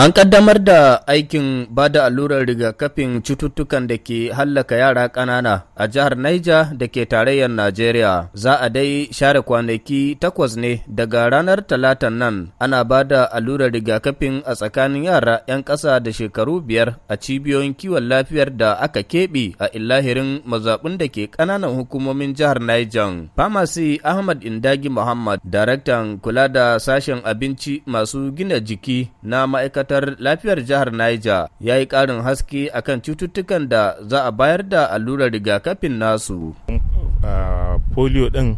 An kaddamar da aikin ba da allurar rigakafin cututtukan da ke hallaka yara ƙanana a jihar Niger da ke tarayyar Najeriya. Za a dai share kwanaki takwas ne daga ranar talatan nan ana ba da allurar rigakafin a tsakanin yara 'yan ƙasa da shekaru biyar a cibiyoyin kiwon lafiyar da aka keɓe a illahirin mazaɓin da ke ƙananan hukumomin jihar Niger. Famasi Ahmad Indagi Muhammad, daraktan kula da sashen abinci masu gina jiki na ma'aikata. ma'aikatar lafiyar jihar Niger ya yi ƙarin haske akan cututtukan da za a bayar da allurar rigakafin nasu. polio ɗin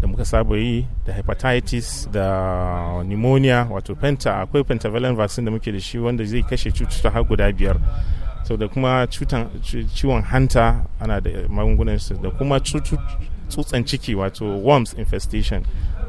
da muka saba yi da hepatitis da pneumonia wato penta akwai pentavalent vaccine da muke da shi wanda zai kashe cututtuka har guda biyar sau da kuma ciwon hanta ana da magungunan da kuma tsutsan ciki wato worms infestation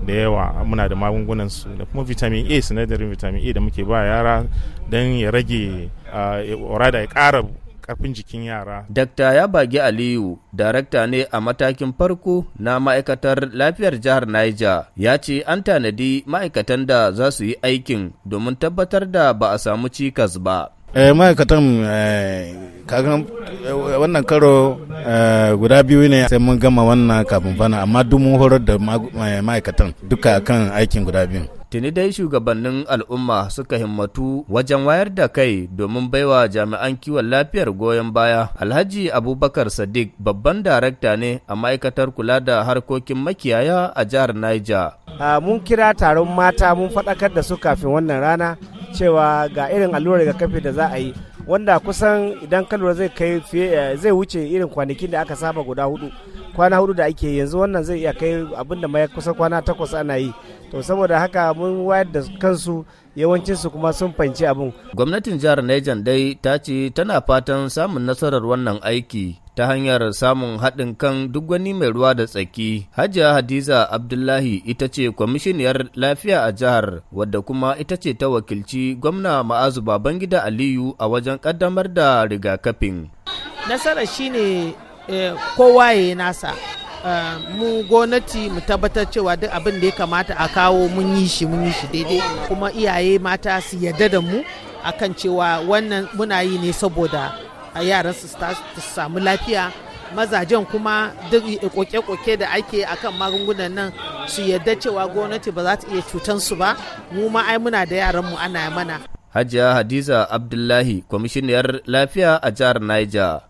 da yawa muna da magungunan su da kuma vitamin a sinadarin vitamin a da muke ba yara don ya rage da ah, ya kara karfin jikin yara. Dakta ya bagi Aliyu, darakta ne a matakin farko na ma'aikatar lafiyar jihar Niger, ya ce an tanadi ma'aikatan da za su yi aikin domin tabbatar da ba a samu cikas ba. eh ma'aikatan eh, kagan eh, wannan karo eh, guda biyu ne sai mun gama wannan kafin bana amma duk mun horar da ma'aikatan duka kan aikin guda biyu tuni dai shugabannin al'umma suka himmatu wajen wayar da kai domin baiwa jami'an kiwon lafiyar goyon baya alhaji abubakar sadiq babban darakta ne a ma'aikatar kula da harkokin makiyaya a jihar niger ah, mun kira taron mata mun faɗakar da su kafin wannan rana cewa ga irin allurar rigakafi da za a yi wanda kusan idan kalwar eh, zai wuce irin kwanakin da aka saba guda hudu kwana hudu da ake yanzu wannan zai iya kai abin da mai kusa kwana takwas ana yi to saboda haka mun wayar da kansu yawancinsu kuma sun fanci abin gwamnatin jihar Niger dai ta ce tana fatan samun nasarar wannan aiki ta hanyar samun haɗin kan duk wani mai ruwa da tsaki. Hajiya Hadiza Abdullahi ita ce kwamishiniyar lafiya a jihar, wadda kuma ita ce ta wakilci gwamna ma'azu Babangida Aliyu a wajen ƙaddamar da rigakafin. Nasarar shine Eh, kowa ya yi nasa eh, mu gwamnati mu tabbatar cewa duk abin da ya kamata a kawo mun yi shi mun yi shi daidai kuma iyaye mata su yarda da mu akan cewa wannan muna yi ne saboda yaran su samu lafiya mazajen kuma duk koke-koke da ake akan magungunan nan su yarda cewa gwamnati ba za ta iya cutan su ba mu ma ai muna da yaran mu ana mana Hajiya Hadiza Abdullahi kwamishiniyar lafiya a jihar Niger